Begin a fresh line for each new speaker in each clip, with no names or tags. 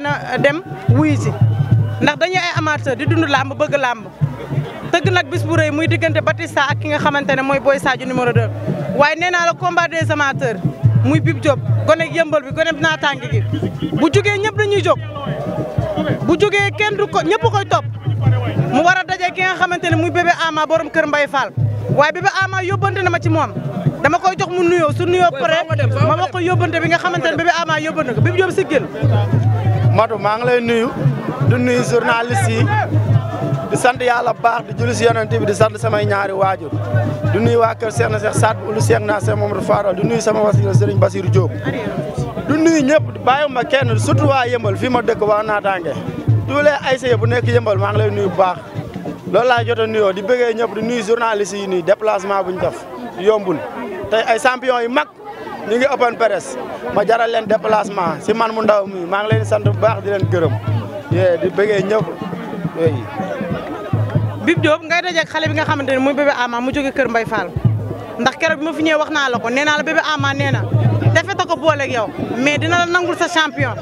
leen dem wuyu si ndax dañuy ay amateur di dund làmb bëgg làmb tëgg nag bis bu rëy muy diggante Batista ak ki nga xamante ne mooy Boy Sadio numéro 2. waaye nee naa la combat des amateurs muy Bib Diop gone yëmbal bi gone naataange gi bu jógee ñëpp dañuy jog bu jógee kenn ko ñëpp koy topp mu war a daje ki nga xamante ne muy bébé Ama borom kër Mbaye Fall waaye bébé Ama yóbbante na ma ci moom. dama koy jox mu nuyoo su nuyoo pare ma wax ko yóbbante bi nga xamante ne bébé Ama yóbbante
ko bi Madu maa ngi lay nuyu di nuyu journaliste yi di sant yàlla baax di julli si yonent bi di sant samay ñaari waajur du nuyu waa kër Cheikh na Cheikh Saad Bou Cheikh na Cheikh Mamadou Fadal nuyu sama wasila Serigne Bassirou Diop du nuyu ñëpp bàyyiwuma kenn surtout waa yëmbal fii ma dëkk waa naataange tous ay se bu nekk yëmbal maa ngi lay nuyu bu baax loolu laa jot nuyoo di bëggee ñëpp di nuyu journaliste yi nii déplacement bu ñu def yombul tey ay champion yu mag ñu ngi open presse ma jaral leen déplacement si man mu ndaw mi maa ngi leen sant bu baax di leen gërëm yee di bëggee ñëpp yooyu.
Bib Diop ngay dajeeg xale bi nga xamante ne muy bébé Ama mu jóge kër mbay Fall ndax keroog bi ma fi ñëwee wax naa la ko nee naa la bébé Ama nee na defeta ko booleeg yow mais dina la nangul sa champion.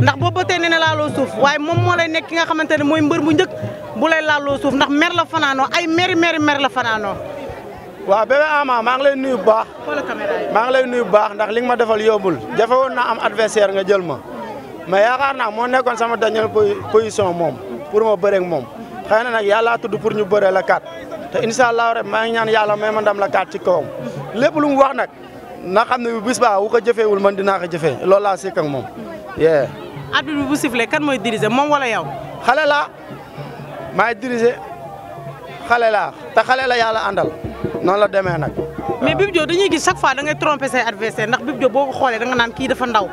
ndax boobu ba tey nee na laaloo suuf waaye moom moo lay nekk ki nga xamante ne mooy mbër bu njëkk bu la laaloo suuf ndax mer la fanaano ay meri meri mer la fanaanoo
waaw bébé Ama maa ngi lay nuyu bu baax. maa ngi lay nuyu bu baax ndax li ma defal yombul jafe woon na am adversaire nga jël ma. mais yaakaar naa moo nekkoon sama dernière position moom pour ma bëree moom xëy na nag yàlla tudd pour ñu bëree la kat te incha allah rek maa ngi ñaan yàlla may ma ndam la kat ci kawam lépp lu mu wax nag na xam ne bu bis baa wu ko jëfeewul man dinaa ko jëfee loolu laa sekk ak moom. yee. arbitre bi bu kan mooy diriger moom wala yow. xale la maay diriger xale la te xale la yàlla àndal. noonu la demee nag.
mais Bib Diop dañuy gis chaque fois da ngay tromper say adversaire ndax Bib boo ko xoolee da nga naan kii dafa ndaw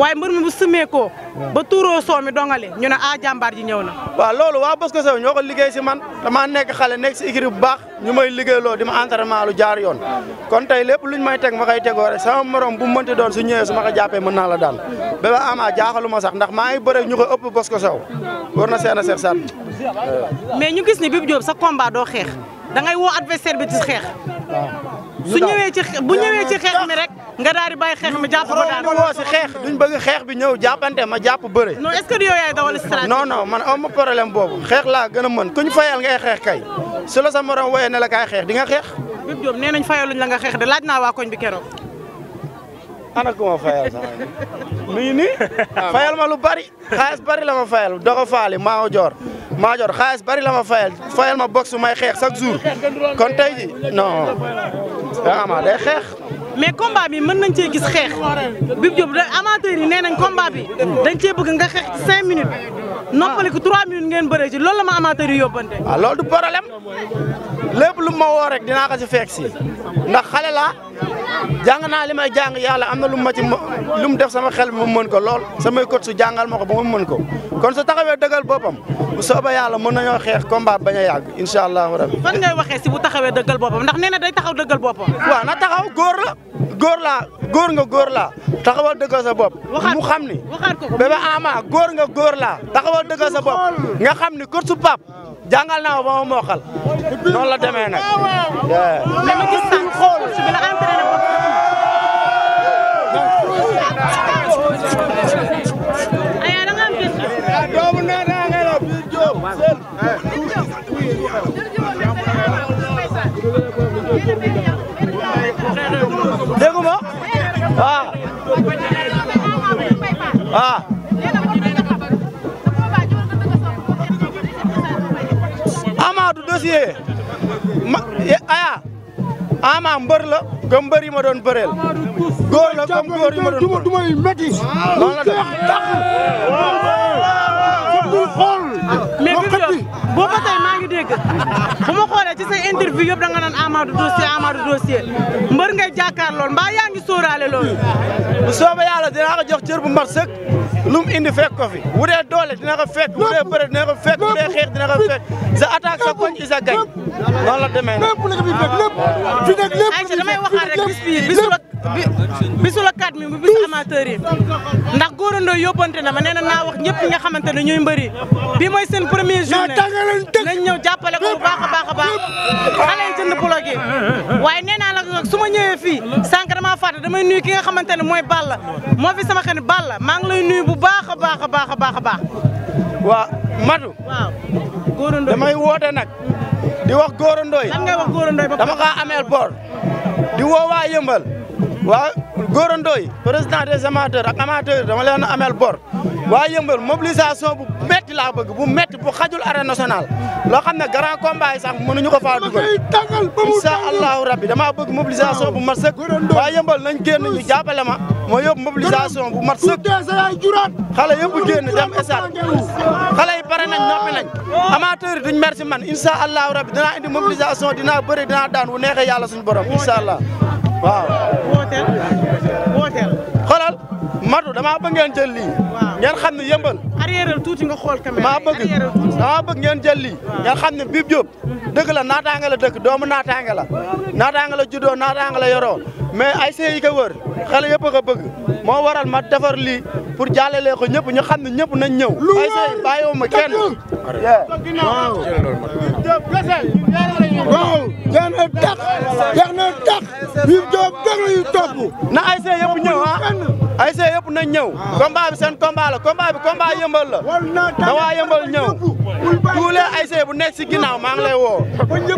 waaye mbër
mi bu sëmee ko ba tuuroo soo mi dongale ñu ne ah jàmbaar ji ñëw na. waaw loolu waa Bosco Sow ñoo ko liggéey si man damaa nekk xale nekk si écurie bu baax ñu may liggéeyloo di ma entraînement lu jaar yoon kon tey lépp luñ may teg ma koy tegoo rek sama morom bu mu mënti doon su ñëwee su ma ko jàppee mën naa la daan ba ba ama sax ndax maa ngi bëre ñu ko ëpp Bosco Sow
na seen a seet mais ñu gis ni Bib Diop sa combat doo xeex da ngay woo adversaire bi ci xeex. su ñëwee ci bu ñëwee ci xeex
mi rek nga daal di bàyyi xeex mi jàpp ko daal. woo si xeex duñ bëgg xeex bi ñëw jàppante ma jàpp bëre. non est-ce que yow yaay dawal stratégie. non non man am ma problème boobu xeex laa gën a mën ku ñu fayal ngay xeex kay su la sa morom wooyee ne la kaay xeex di nga xeex. Bib Diop nee nañ fayaluñ
la nga xeex de laaj
naa waa koñ bi keroog. ana ku ma fayal sama nii nii ah, ma lu bari xaalis bari la ma fayal doxo faali maa joor maa joor xaalis bari la ma fayal fayal ma box may xeex chaque jour kon tey ji non ama day xeex mais combat bi nañ cee gis xeex Bib Diop da amateurs yi nee nañ
combat bi dañ cee bëgg nga xeex ci cinq minutes noppaliku trois minutes ngeen bëree ci loolu la ma amateurs
yi yóbbante waaw ah, loolu du problème lépp lu ma woo rek dinaa ko ndax xale laa jàng naa li may jàng yàlla am na lu ma ci lu mu def sama xel mu mon ko lool samay kot su jàngal ma ko ba mu mën ko kon su taxawee dëggal boppam bu soobee yàlla na nañoo xeex combat bañ a yàgg incha allahu rabi. fan
ngay waxee si bu taxawee dëggal boppam ndax nee na day taxaw dëggal boppam. waaw na
taxaw góor la góor laa góor nga góor laa taxawal dëggal sa bop mu xam ni bébé ama góor nga góor laa taxawal dëggal sa bopp nga xam ni kot su pap jàngal naa ko ba ma mokkal noonu la demee nag. bi la entraîné ko. aywa da nga am bis. doomu nee ma waaw. Ah. Ah. ama mbër la comme yi ma doon bëreel. góor la comme góor yi ma doon bëreel duma yi métti. loolu la def dàq. waaw
waaw dëgg bu ma xoolee ci say interview yëpp da nga naan Amadou dossier Amadou dossier
mbër ngay jàkkaar lool mbaa yaa ngi sóoraale loolu bu soobee yàlla dinaa ko jox cër bu mat sëkk lu mu indi fekk ko fi bu dee doole dina ko fekk bu dee bëre dina ko fekk bu dee xeex dina ko fekk sa attaque sa koñ isa gañ noonu la demee nag lépp
damay waxaat rek bis bi bi bisu la kat mi bu bisu amateur yi ndax góorandoo yóbbante na ma nee na naa wax ñëpp ñi nga xamante ne ñooy mbëri bi mooy seen premier journée nañ ñëw jàppale ko bu baax a baax a baax xale yi jënd bloc yi waaye nee naa la su ma ñëwee fi sànq damaa dama damay nuyu ki nga xamante ne mooy Balla moo fi sama xarit Balla maa ngi
lay nuyu bu baax baax baax baax a baax waaw Madou waaw góorandoo damay woote nag di wax góorandoo yi lan ngay dama kaa ameel bor di woo waa yëmbal waa góorandoo yi président des amateurs ak amateurs dama leen amel bor waa yëmbal mobilisation bu metti laa bëgg bu metti bu xajul arène nationale loo xam ne grand combat yi sax ñu ko faa dugal incha allahu rabbi damaa bëgg mobilisation bu mat sëkk waa yëmbal nañ génn ñu jàppale ma ma yóbbu mobilisation bu mat sëkk xale yëpp génn dem stade xale yi pare nañ noppi nañ amateurs yi duñ merci man incha allahu rabbi dinaa indi mobilisation dinaa bëri dinaa daan wu neexee yàlla suñu borom incha allah waaw wooteel wooteel matu damaa bëgg ngeen jël lii ngeen xam ne yëmbal arrière tuuti nga xool caméra damaa bëgg damaa bëgg ngeen jël lii ngeen xam ne Bib Diop naataanga la dëkk doomu naataanga la naataanga la juddoo naataanga la yoroo mais ay see yi ko wër xale yëpp a bëgg moo waral ma defar lii pour jàllale ko ñëpp ñu xam ne ñëpp nañ ñëw ay see bàyyiwuma kenn waaw jeex na tax jeex na tax yu jóg déglu yu na ASC yëpp ñëw ah ASC yëpp nañ ñëw ah. combat la combat bi combat yëmbal la da waa yëmbal ñëw tous les ASC bu nekk si ginnaaw maa woo di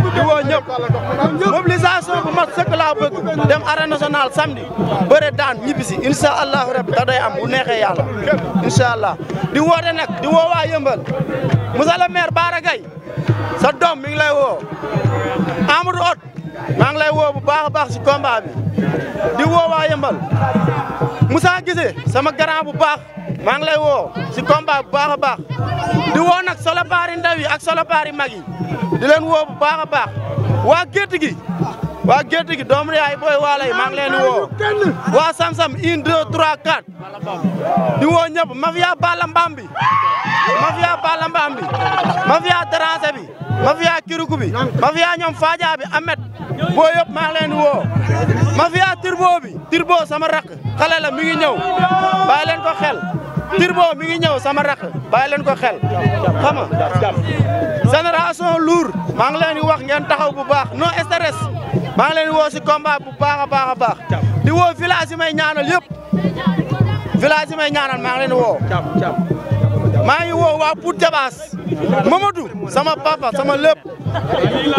bu mat sëkk laa bëgg dem arène nationale samedi bëre daan ñibbisi incha allahu rabbi da day am bu neexee yàlla allah di woote nag di woo waa Moussa le maire Bara Gaye sa doom mi lay woo Amadou ot maa ngi lay woo bu baax a baax si combat bi di woo waa Yëmbal gise Guissé sama grand bu baax maa ngi lay woo si combat bu baax a baax di woo nag solo baari ndaw yi ak solo baari mag yi di woo bu baax a baax waa gétt gi waa gerte gi doomu yaay booy waala yi maa woo waa Sam-Sam une deux di woo ñëpp mafia Balla Mbam bi mafia Balla Mbam bi mafia Darancé bi mafia Kiruku bi mafia ñoom Fadja bi Amet boo yëpp maa woo mafia Turbo bi Turbo sama rakk xale la mi ngi ñëw leen ko xel Turbo mi ngi ñëw sama rakk bàyyi len ko xel xam nga génération lour maa ngi leen wax ngeen taxaw bu baax non stress maa ngi leen woo si combat bu baax a baax a baax di woo village yi may ñaanal yëpp village yi may ñaanal maa ngi leen di woo maa ngi woo waa Pout Jabaas Mamadou sama papa sama lépp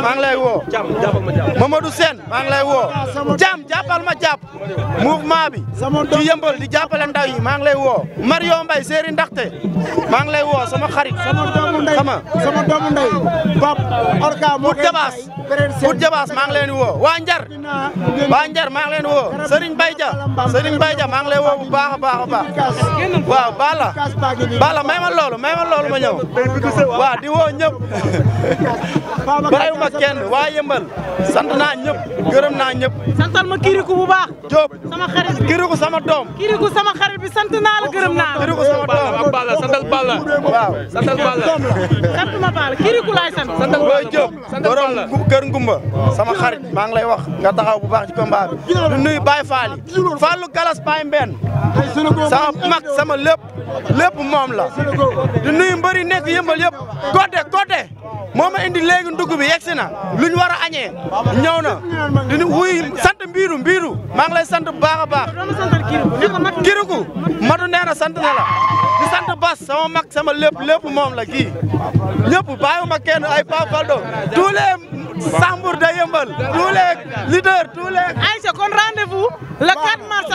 maa ngi lay woo. Mamadou Sène maa ngi woo. Thiam jàppal ma jàpp. mouvement bi. ci yëmbal di jàppale ndaw yi maa ngi lay woo. Mario Mbaye séeri ndaxte maa ngi lay woo sama xarit. sama doomu ndey xama sama doomu jabaas pour jabaas maa ngi leen di woo waa Njar. waa Njar maa ngi woo Serigne Baye Dia Serigne Baye Dia maa ngi lay woo bu baax a baax a baax. waaw Bala Bala may ma loolu ma loolu ma ñëw. waaw di woo ñëpp. bàyyiwuma kenn waa yëmbal sant naa ñëpp gërëm naa ñëpp santal ma kiriku bu baax sama kiriku sama doom kiriku sama xarit bi sant naa la gërëm naa kiriku sama doom waaw santal Balla santal Balla Diop borom kër Ngumba sama xarit maa ngi lay wax nga taxaw bu baax ci combat bi du nuyu Baye Galas Baye Mbène sama mag sama lépp lépp moom la du nuyu mbëri nekk yëmbal yëpp côté côté moo indi léegi léegi ndugg bi na luñ war a añee ñëw na di wuy sant mbiiru mbiiru maa ngi lay sant bu baax a baax kiriku matu nee sant na la di sant bas sama mag sama lépp lépp moom la kii ñëpp bàyyiwuma kenn ay Pa Faldo tous les Sambour da yëmbal tous les leaders tous kon rendez-vous le 4 mars